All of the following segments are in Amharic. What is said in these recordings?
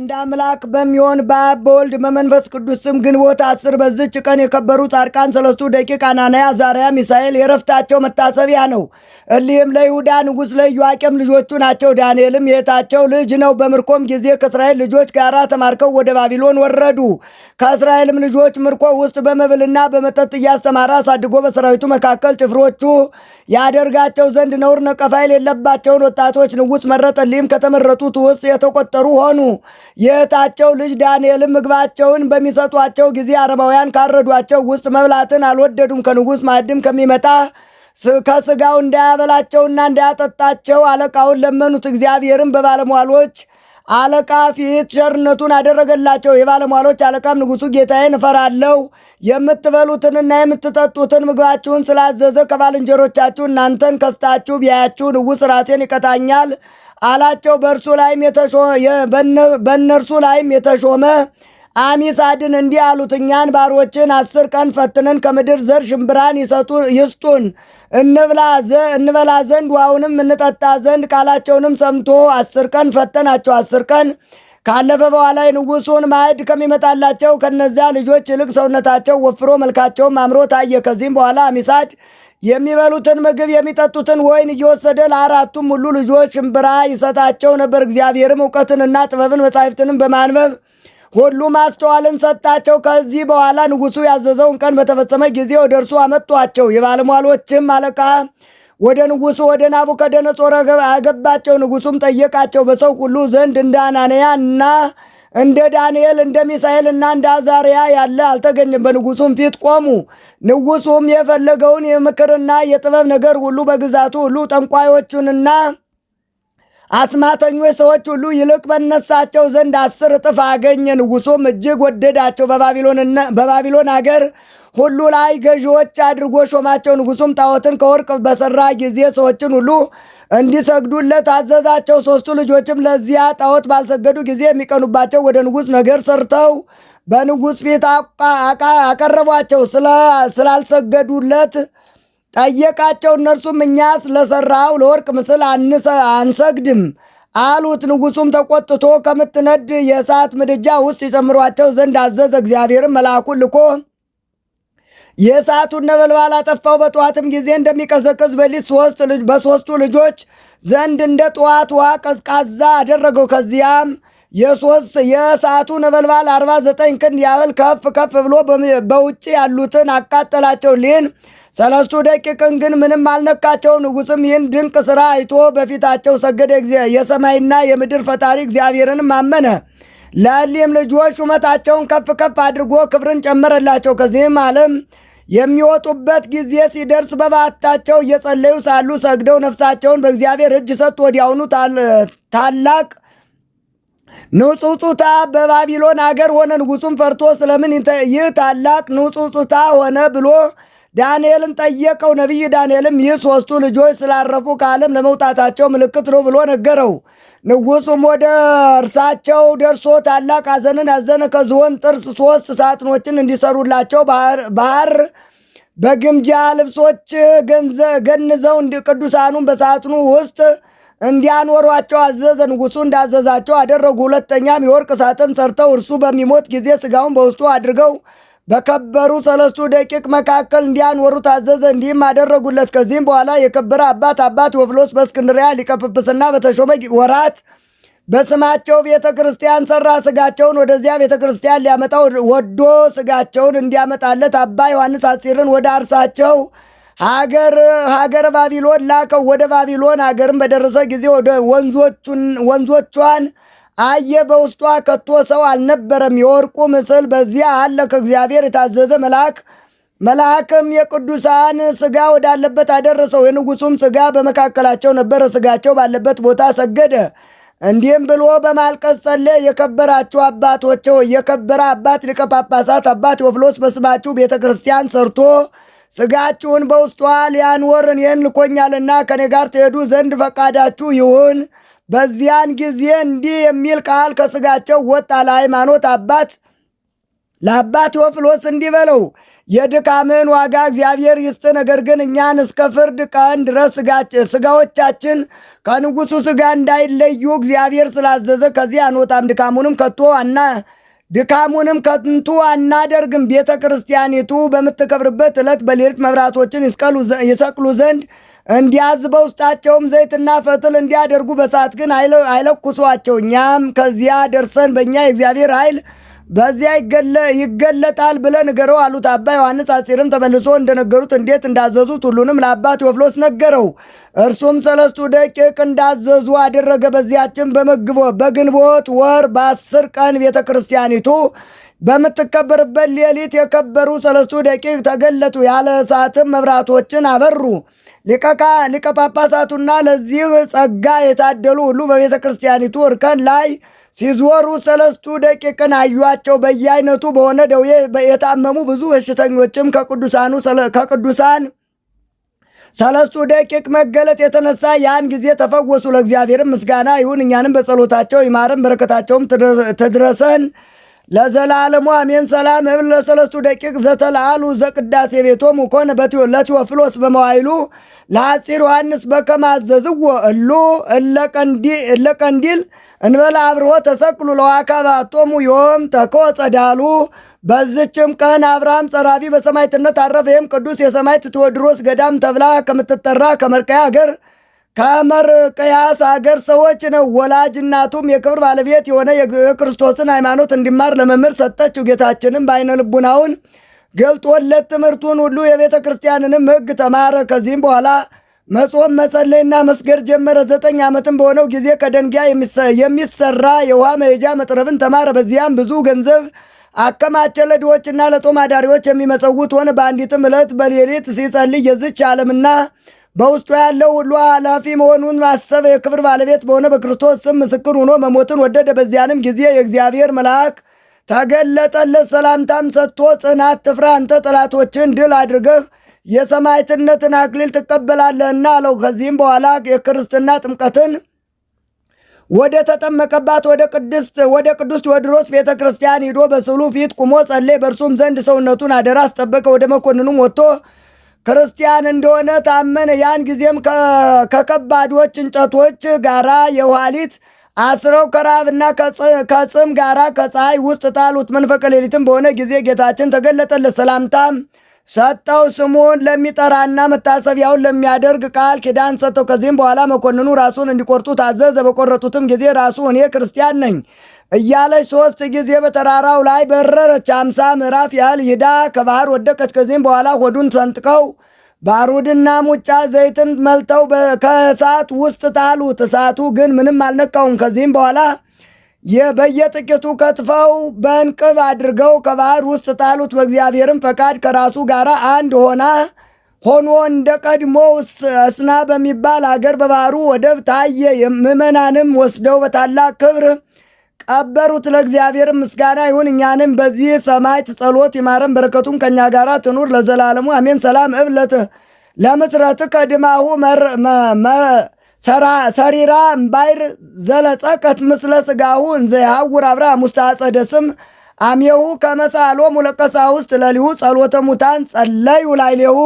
አንድ አምላክ በሚሆን በአብ በወልድ በመንፈስ ቅዱስ ስም ግንቦት አስር በዝች ቀን የከበሩ ጻድቃን ሰለስቱ ደቂቅ አናንያ፣ አዛርያ፣ ሚሳኤል የረፍታቸው መታሰቢያ ነው። እሊህም ለይሁዳ ንጉሥ ለኢዮአቄም ልጆቹ ናቸው። ዳንኤልም የታቸው ልጅ ነው። በምርኮም ጊዜ ከእስራኤል ልጆች ጋር ተማርከው ወደ ባቢሎን ወረዱ። ከእስራኤልም ልጆች ምርኮ ውስጥ በመብልና በመጠጥ እያስተማረ አሳድጎ በሰራዊቱ መካከል ጭፍሮቹ ያደርጋቸው ዘንድ ነውር ነቀፋይል የለባቸውን ወጣቶች ንጉሥ መረጠ። እሊህም ከተመረጡት ውስጥ የተቆጠሩ ሆኑ። የእህታቸው ልጅ ዳንኤልም ምግባቸውን በሚሰጧቸው ጊዜ አረማውያን ካረዷቸው ውስጥ መብላትን አልወደዱም። ከንጉሥ ማዕድም ከሚመጣ ከስጋው እንዳያበላቸውና እንዳያጠጣቸው አለቃውን ለመኑት። እግዚአብሔርም በባለሟሎች አለቃ ፊት ቸርነቱን አደረገላቸው። የባለሟሎች አለቃም ንጉሡ ጌታዬን እፈራለሁ፣ የምትበሉትንና የምትጠጡትን ምግባችሁን ስላዘዘ ከባልንጀሮቻችሁ እናንተን ከስታችሁ ቢያያችሁ ንጉሥ ራሴን ይቀጣኛል አላቸው። በእርሱ ላይም በእነርሱ ላይም የተሾመ አሚሳድን እንዲህ አሉት፣ እኛን ባሮችን አስር ቀን ፈትነን ከምድር ዘር ሽምብራን ይስጡን እንበላ ዘንድ ውሃውንም እንጠጣ ዘንድ ቃላቸውንም ሰምቶ አስር ቀን ፈተናቸው። አስር ቀን ካለፈ በኋላ የንጉሱን ማዕድ ከሚመጣላቸው ከነዚያ ልጆች ይልቅ ሰውነታቸው ወፍሮ መልካቸውም አምሮ ታየ። ከዚህም በኋላ አሚሳድ የሚበሉትን ምግብ የሚጠጡትን ወይን እየወሰደ ለአራቱም ሁሉ ልጆች ብራ ይሰጣቸው ነበር። እግዚአብሔርም እውቀትንና ጥበብን መጻሕፍትንም በማንበብ ሁሉ ማስተዋልን ሰጣቸው። ከዚህ በኋላ ንጉሡ ያዘዘውን ቀን በተፈጸመ ጊዜ ወደ እርሱ አመጧቸው። የባለሟሎችም አለቃ ወደ ንጉሡ ወደ ናቡከደነጾር አገባቸው። ንጉሡም ጠየቃቸው። በሰው ሁሉ ዘንድ እንደ አናንያ እና እንደ ዳንኤል እንደ ሚሳኤልና እንደ አዛርያ ያለ አልተገኘም። በንጉሱም ፊት ቆሙ። ንጉሱም የፈለገውን የምክርና የጥበብ ነገር ሁሉ በግዛቱ ሁሉ ጠንቋዮቹንና አስማተኞች ሰዎች ሁሉ ይልቅ በነሳቸው ዘንድ አስር እጥፍ አገኘ። ንጉሱም እጅግ ወደዳቸው። በባቢሎን አገር ሁሉ ላይ ገዢዎች አድርጎ ሾማቸው። ንጉሱም ጣዖትን ከወርቅ በሰራ ጊዜ ሰዎችን ሁሉ እንዲሰግዱለት አዘዛቸው። ሦስቱ ልጆችም ለዚያ ጣዖት ባልሰገዱ ጊዜ የሚቀኑባቸው ወደ ንጉሥ ነገር ሰርተው በንጉሥ ፊት አቀረቧቸው። ስላልሰገዱለት ጠየቃቸው። እነርሱም እኛ ስለሰራው ለወርቅ ምስል አንሰግድም አሉት። ንጉሱም ተቆጥቶ ከምትነድ የእሳት ምድጃ ውስጥ ይጨምሯቸው ዘንድ አዘዘ። እግዚአብሔርም መልአኩን ልኮ የእሳቱን ነበልባል አጠፋው። በጠዋትም ጊዜ እንደሚቀዘቅዝ በሊት ሶስት በሶስቱ ልጆች ዘንድ እንደ ጠዋት ውሃ ቀዝቃዛ አደረገው። ከዚያም የሶስት የእሳቱ ነበልባል አርባ ዘጠኝ ክንድ ያህል ከፍ ከፍ ብሎ በውጭ ያሉትን አቃጠላቸው። ሊን ሰለስቱ ደቂቅን ግን ምንም አልነካቸው። ንጉሥም ይህን ድንቅ ሥራ አይቶ በፊታቸው ሰገደ። የሰማይና የምድር ፈጣሪ እግዚአብሔርንም አመነ። ለእሊም ልጆች ሹመታቸውን ከፍ ከፍ አድርጎ ክብርን ጨመረላቸው። ከዚህም ዓለም የሚወጡበት ጊዜ ሲደርስ በባታቸው እየጸለዩ ሳሉ ሰግደው ነፍሳቸውን በእግዚአብሔር እጅ ሰጡ። ወዲያውኑ ታላቅ ንጹጽታ በባቢሎን አገር ሆነ። ንጉሱም ፈርቶ ስለምን ይህ ታላቅ ንጹጽታ ሆነ ብሎ ዳንኤልን ጠየቀው። ነቢይ ዳንኤልም ይህ ሶስቱ ልጆች ስላረፉ ከዓለም ለመውጣታቸው ምልክት ነው ብሎ ነገረው። ንጉሱ ወደ እርሳቸው ደርሶ ታላቅ ሐዘንን አዘነ። ከዝሆን ጥርስ ሶስት ሳጥኖችን እንዲሰሩላቸው ባህር በግምጃ ልብሶች ገንዘው ቅዱሳኑን በሳጥኑ ውስጥ እንዲያኖሯቸው አዘዘ። ንጉሱ እንዳዘዛቸው አደረጉ። ሁለተኛም የወርቅ ሳጥን ሰርተው እርሱ በሚሞት ጊዜ ስጋውን በውስጡ አድርገው በከበሩ ሰለስቱ ደቂቅ መካከል እንዲያኖሩ ታዘዘ። እንዲህም አደረጉለት። ከዚህም በኋላ የከበረ አባት አባ ቴዎፍሎስ በእስክንድርያ ሊቀ ጵጵስና በተሾመ ወራት በስማቸው ቤተ ክርስቲያን ሰራ። ስጋቸውን ወደዚያ ቤተ ክርስቲያን ሊያመጣው ወዶ ስጋቸውን እንዲያመጣለት አባ ዮሐንስ አጺርን ወደ አርሳቸው ሀገር ሀገር ባቢሎን ላከው። ወደ ባቢሎን ሀገርም በደረሰ ጊዜ ወደ ወንዞቿን አየ በውስጧ ከቶ ሰው አልነበረም። የወርቁ ምስል በዚያ አለ። ከእግዚአብሔር የታዘዘ መልአክ መልአክም የቅዱሳን ስጋ ወዳለበት አደረሰው። የንጉሱም ስጋ በመካከላቸው ነበረ። ስጋቸው ባለበት ቦታ ሰገደ። እንዲህም ብሎ በማልቀስ ጸለ የከበራችሁ አባቶች የከበረ አባት ሊቀ ጳጳሳት አባት ቴዎፍሎስ በስማችሁ ቤተ ክርስቲያን ሰርቶ ስጋችሁን በውስጧ ሊያኖር እኔን ልኮኛልና ከኔ ጋር ትሄዱ ዘንድ ፈቃዳችሁ ይሁን በዚያን ጊዜ እንዲህ የሚል ቃል ከስጋቸው ወጣ። ለሃይማኖት አባት ለአባት ቴዎፍሎስ እንዲህ በለው፣ የድካምን ዋጋ እግዚአብሔር ይስጥ። ነገር ግን እኛን እስከ ፍርድ ቀን ድረስ ስጋዎቻችን ከንጉሱ ስጋ እንዳይለዩ እግዚአብሔር ስላዘዘ ከዚህ አንወጣም። ድካሙንም ከቶ አና ድካሙንም ከንቱ አናደርግም። ቤተ ክርስቲያኒቱ በምትከብርበት ዕለት በሌሊት መብራቶችን ይሰቅሉ ዘንድ እንዲያዝ በውስጣቸውም ዘይትና ፈትል እንዲያደርጉ በሳት ግን አይለኩሷቸው። እኛም ከዚያ ደርሰን በእኛ የእግዚአብሔር ኃይል በዚያ ይገለጣል ብለህ ንገረው አሉት። አባ ዮሐንስ አጺርም ተመልሶ እንደነገሩት እንዴት እንዳዘዙት ሁሉንም ለአባ ቴዎፍሎስ ነገረው። እርሱም ሰለስቱ ደቂቅ እንዳዘዙ አደረገ። በዚያችን በመግቦ በግንቦት ወር በአስር ቀን ቤተ ክርስቲያኒቱ በምትከበርበት ሌሊት የከበሩ ሰለስቱ ደቂቅ ተገለጡ። ያለ እሳትም መብራቶችን አበሩ። ሊቀ ጳጳሳቱና ለዚህ ጸጋ የታደሉ ሁሉ በቤተ ክርስቲያኒቱ እርከን ላይ ሲዞሩ ሰለስቱ ደቂቅን አዩቸው። በየአይነቱ በሆነ ደዌ የታመሙ ብዙ በሽተኞችም ከቅዱሳኑ ከቅዱሳን ሰለስቱ ደቂቅ መገለጥ የተነሳ ያን ጊዜ ተፈወሱ። ለእግዚአብሔርም ምስጋና ይሁን፣ እኛንም በጸሎታቸው ይማርን፣ በረከታቸውም ትድረሰን ለዘላለሙ አሜን። ሰላም እብል ለሰለስቱ ደቂቅ ዘተላአሉ ዘቅዳሴ ቤቶም ኮነ ለቴዎፍሎስ በመዋይሉ ለአፂር ዮሐንስ በከማዘዝዎ እሉ እለቀንዲል እንበላ አብርሆ ተሰቅሉ ለዋካባቶሙ ዮም ተኮ ጸዳሉ። በዝችም ቀን አብርሃም ጸራቢ በሰማይትነት አረፈ። ይህም ቅዱስ የሰማይት ቴዎድሮስ ገዳም ተብላ ከምትጠራ ከመርቀያ አገር ከሐመር ቅያስ አገር ሰዎች ነው። ወላጅ እናቱም የክብር ባለቤት የሆነ የክርስቶስን ሃይማኖት እንዲማር ለመምህር ሰጠችው። ጌታችንም በአይነ ልቡናውን ገልጦለት ትምህርቱን ሁሉ የቤተ ክርስቲያንንም ሕግ ተማረ። ከዚህም በኋላ መጾም መጸለይና መስገድ ጀመረ። ዘጠኝ ዓመትም በሆነው ጊዜ ከደንጊያ የሚሰራ የውሃ መሄጃ መጥረብን ተማረ። በዚያም ብዙ ገንዘብ አከማቸ። ለድሆችና ለጦም አዳሪዎች የሚመጸውት ሆነ። በአንዲትም ዕለት በሌሊት ሲጸልይ የዝች ዓለምና በውስጡ ያለው ሁሉ ኃላፊ መሆኑን ማሰብ የክብር ባለቤት በሆነ በክርስቶስ ስም ምስክር ሆኖ መሞትን ወደደ። በዚያንም ጊዜ የእግዚአብሔር መልአክ ተገለጠለት። ሰላምታም ሰጥቶ ጽናት ትፍራ፣ አንተ ጠላቶችን ድል አድርገህ የሰማዕትነትን አክሊል ትቀበላለህና አለው። ከዚህም በኋላ የክርስትና ጥምቀትን ወደ ተጠመቀባት ወደ ቅድስት ወደ ቅዱስ ቴዎድሮስ ቤተ ክርስቲያን ሂዶ በስዕሉ ፊት ቁሞ ጸሌ በእርሱም ዘንድ ሰውነቱን አደራ አስጠበቀ። ወደ መኮንኑም ወጥቶ ክርስቲያን እንደሆነ ታመነ። ያን ጊዜም ከከባዶች እንጨቶች ጋራ የኋሊት አስረው ከራብና ከጽም ጋራ ከፀሐይ ውስጥ ጣሉት። መንፈቀ ሌሊትም በሆነ ጊዜ ጌታችን ተገለጠለት፣ ሰላምታም ሰጠው። ስሙን ለሚጠራና መታሰቢያውን ለሚያደርግ ቃል ኪዳን ሰጠው። ከዚህም በኋላ መኮንኑ ራሱን እንዲቆርጡ ታዘዘ። በቆረጡትም ጊዜ ራሱ እኔ ክርስቲያን ነኝ እያለች ሶስት ጊዜ በተራራው ላይ በረረች። አምሳ ምዕራፍ ያህል ሂዳ ከባህር ወደቀች። ከዚህም በኋላ ሆዱን ሰንጥቀው ባሩድና ሙጫ ዘይትን መልተው ከእሳት ውስጥ ጣሉት። እሳቱ ግን ምንም አልነካውም። ከዚህም በኋላ በየጥቂቱ ከትፈው በእንቅብ አድርገው ከባህር ውስጥ ጣሉት። በእግዚአብሔርም ፈቃድ ከራሱ ጋር አንድ ሆና ሆኖ እንደ ቀድሞ እስና በሚባል አገር በባህሩ ወደብ ታየ። ምዕመናንም ወስደው በታላቅ ክብር አበሩት። ለእግዚአብሔር ምስጋና ይሁን፣ እኛንም በዚህ ሰማዕት ጸሎት ይማረን፣ በረከቱም ከእኛ ጋር ትኑር ለዘላለሙ አሜን። ሰላም እብለት ለምትረት ከድማሁ ሰሪራ እምባይር ዘለጸቀት ምስለ ስጋሁ እንዘያውር ያውር አብራ ሙስታጸደ ስም አሜሁ ከመሳሎ ሙለቀሳ ውስጥ ለሊሁ ጸሎተ ሙታን ጸለዩ ላይሌሁ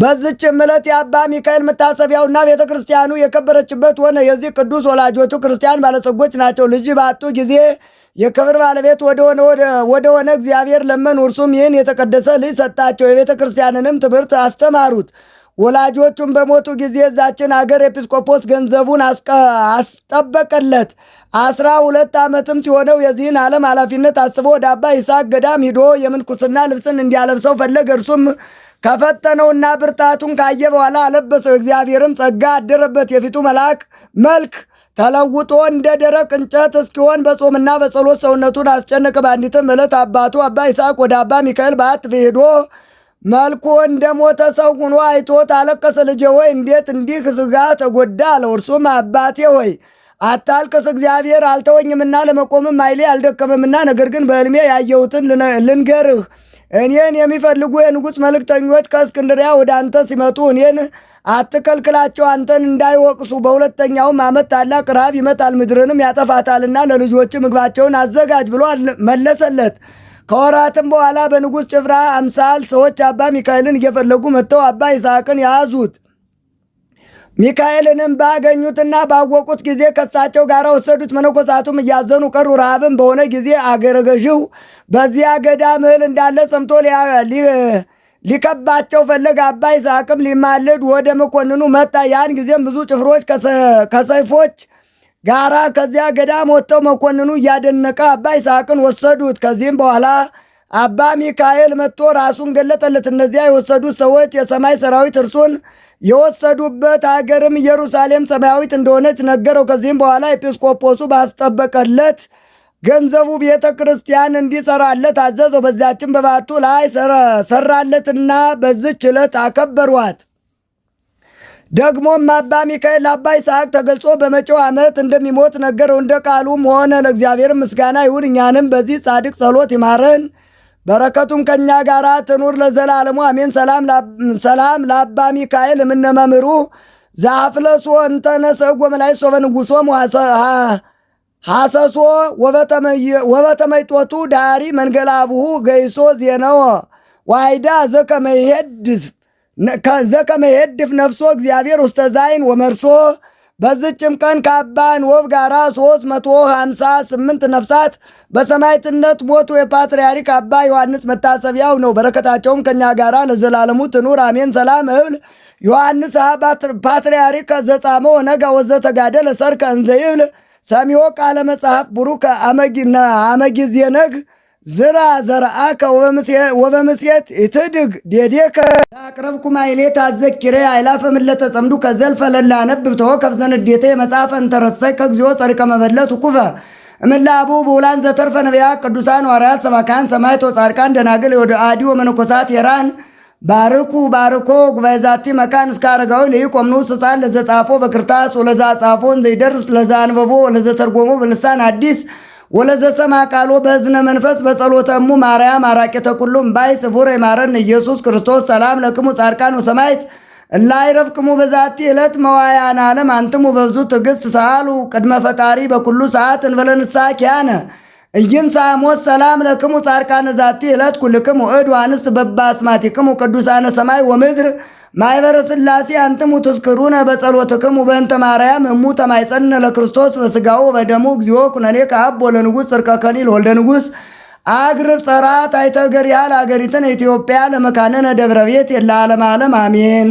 በዝችም ዕለት የአባ ሚካኤል መታሰቢያውና ቤተ ክርስቲያኑ የከበረችበት ሆነ። የዚህ ቅዱስ ወላጆቹ ክርስቲያን ባለጸጎች ናቸው። ልጅ ባጡ ጊዜ የክብር ባለቤት ወደ ሆነ እግዚአብሔር ለመኑ። እርሱም ይህን የተቀደሰ ልጅ ሰጣቸው። የቤተ ክርስቲያንንም ትምህርት አስተማሩት። ወላጆቹም በሞቱ ጊዜ እዛችን አገር ኤጲስቆጶስ ገንዘቡን አስጠበቀለት። አስራ ሁለት ዓመትም ሲሆነው የዚህን ዓለም ኃላፊነት አስቦ ወደ አባ ይስሐቅ ገዳም ሂዶ የምንኩስና ልብስን እንዲያለብሰው ፈለገ። እርሱም ከፈጠነውና ብርታቱን ካየ በኋላ አለበሰው። እግዚአብሔርም ጸጋ አደረበት። የፊቱ መልአክ መልክ ተለውጦ እንደ ደረቅ እንጨት እስኪሆን በጾምና በጸሎት ሰውነቱን አስጨነቀ። በአንዲትም ዕለት አባቱ አባ ይስሐቅ ወደ አባ ሚካኤል በዓት ሄዶ መልኩ እንደ ሞተ ሰው ሁኖ አይቶት አለቀሰ። ልጄ ሆይ እንዴት እንዲህ ሥጋ ተጎዳ አለው። እርሱም አባቴ ሆይ አታልቅስ፣ እግዚአብሔር አልተወኝምና ለመቆምም ኃይሌ አልደከመምና፣ ነገር ግን በሕልሜ ያየሁትን ልንገርህ እኔን የሚፈልጉ የንጉሥ መልእክተኞች ከእስክንድሪያ ወደ አንተ ሲመጡ እኔን አትከልክላቸው፣ አንተን እንዳይወቅሱ። በሁለተኛውም ዓመት ታላቅ ረሃብ ይመጣል፣ ምድርንም ያጠፋታልና ለልጆች ምግባቸውን አዘጋጅ ብሎ መለሰለት። ከወራትም በኋላ በንጉሥ ጭፍራ አምሳል ሰዎች አባ ሚካኤልን እየፈለጉ መጥተው አባ ይስሐቅን ያዙት። ሚካኤልንም ባገኙትና ባወቁት ጊዜ ከሳቸው ጋር ወሰዱት። መነኮሳቱም እያዘኑ ቀሩ። ረሃብም በሆነ ጊዜ አገረገዥው በዚያ ገዳም እህል እንዳለ ሰምቶ ሊከባቸው ፈለገ። አባ ይስሐቅም ሊማልድ ወደ መኮንኑ መጣ። ያን ጊዜም ብዙ ጭፍሮች ከሰይፎች ጋራ ከዚያ ገዳም ወጥተው መኮንኑ እያደነቀ አባ ይስሐቅን ወሰዱት። ከዚህም በኋላ አባ ሚካኤል መጥቶ ራሱን ገለጠለት። እነዚያ የወሰዱት ሰዎች የሰማይ ሰራዊት እርሱን የወሰዱበት አገርም ኢየሩሳሌም ሰማያዊት እንደሆነች ነገረው። ከዚህም በኋላ ኤጲስቆጶሱ ባስጠበቀለት ገንዘቡ ቤተ ክርስቲያን እንዲሰራለት አዘዘው። በዚያችን በባቱ ላይ ሰራለትና በዚች ዕለት አከበሯት። ደግሞም አባ ሚካኤል ለአባ ይስሐቅ ተገልጾ በመጪው ዓመት እንደሚሞት ነገረው። እንደ ቃሉም ሆነ። ለእግዚአብሔር ምስጋና ይሁን፣ እኛንም በዚህ ጻድቅ ጸሎት ይማረን በረከቱም ከእኛ ጋር ትኑር ለዘላለሙ አሜን። ሰላም ለአባ ሚካኤል እምነ መምህሩ ዘአፍለሶ እንተነሰጎ ሶበ ንጉሶ ሐሰሶ ወበተመይጦቱ ዳሪ መንገላብሁ ገይሶ ዜነው ዋይዳ ዘከመሄድፍ ነፍሶ እግዚአብሔር ውስተ ዛይን ወመርሶ በዝችም ቀን ከአባን ወብ ጋር 358 ነፍሳት በሰማይትነት ሞቱ። የፓትርያሪክ አባ ዮሐንስ መታሰቢያው ነው። በረከታቸውም ከእኛ ጋር ለዘላለሙ ትኑር አሜን። ሰላም እብል ዮሐንስ ፓትርያሪክ ዘጻሞ ነገ ወዘተጋደለ ሰርከ እንዘይብል ሰሚዮ ቃለ መጽሐፍ ቡሩከ ነግ ዝራ ዘርአከ ወበምሴት ይትድግ ዴዴከ አቅረብኩማ ይሌት አዘኪሬ አይላፈ ምለተ ጸምዱ ከዘልፈ ለላ ነብብ ተወ ከፍዘንዴተ መጽሐፈ ከግዚኦ ጸሪቀ መበለት ኩፈ እምላ አቡ በውላን ዘተርፈ ነቢያ ቅዱሳን ዋርያት ሰባካን ሰማይቶ ጻድቃን ደናግል ወደ አዲ ወመነኮሳት የራን ባርኩ ባርኮ ጉባኤ ዛቲ መካን እስከ አረጋዊ ቆምኑ ስጻን ለዘጻፎ በክርታስ ወለዛ ጻፎን ዘይደርስ ለዛ አንበቦ ለዘተርጎሞ በልሳን አዲስ ወለዘሰማ ቃሎ በእዝነ መንፈስ በጸሎተሙ ማርያም አራቄተ ኩሉም ባይ ስቡር የማረን ኢየሱስ ክርስቶስ ሰላም ለክሙ ጻድቃን ወሰማይት እላይረፍቅሙ በዛቲ ዕለት መዋያን ዓለም አንትሙ በብዙ ትዕግሥት ሰአሉ ቅድመ ፈጣሪ በኩሉ ሰዓት እንበለንሳ ኪያነ እይንሳ ሞት ሰላም ለክሙ ጻድቃነ ዛቲ ዕለት ኩልክሙ እድ ዋንስት በባስማቲክሙ ቅዱሳነ ሰማይ ወምድር ማኅበረ ስላሴ አንትሙ ትዝክሩነ በጸሎትክሙ በእንተ ማርያም እሙ ተማይጸን ለክርስቶስ በሥጋው በደሙ እግዚኦ ኩነኔ ከአብ ወለንጉሥ ጽርቀ ከሊል ወልደ ንጉሥ አግር ጸራት አይተገር ያህል አገሪትን ኢትዮጵያ ለመካነነ ደብረ ቤት የለ ዓለም ዓለም አሜን።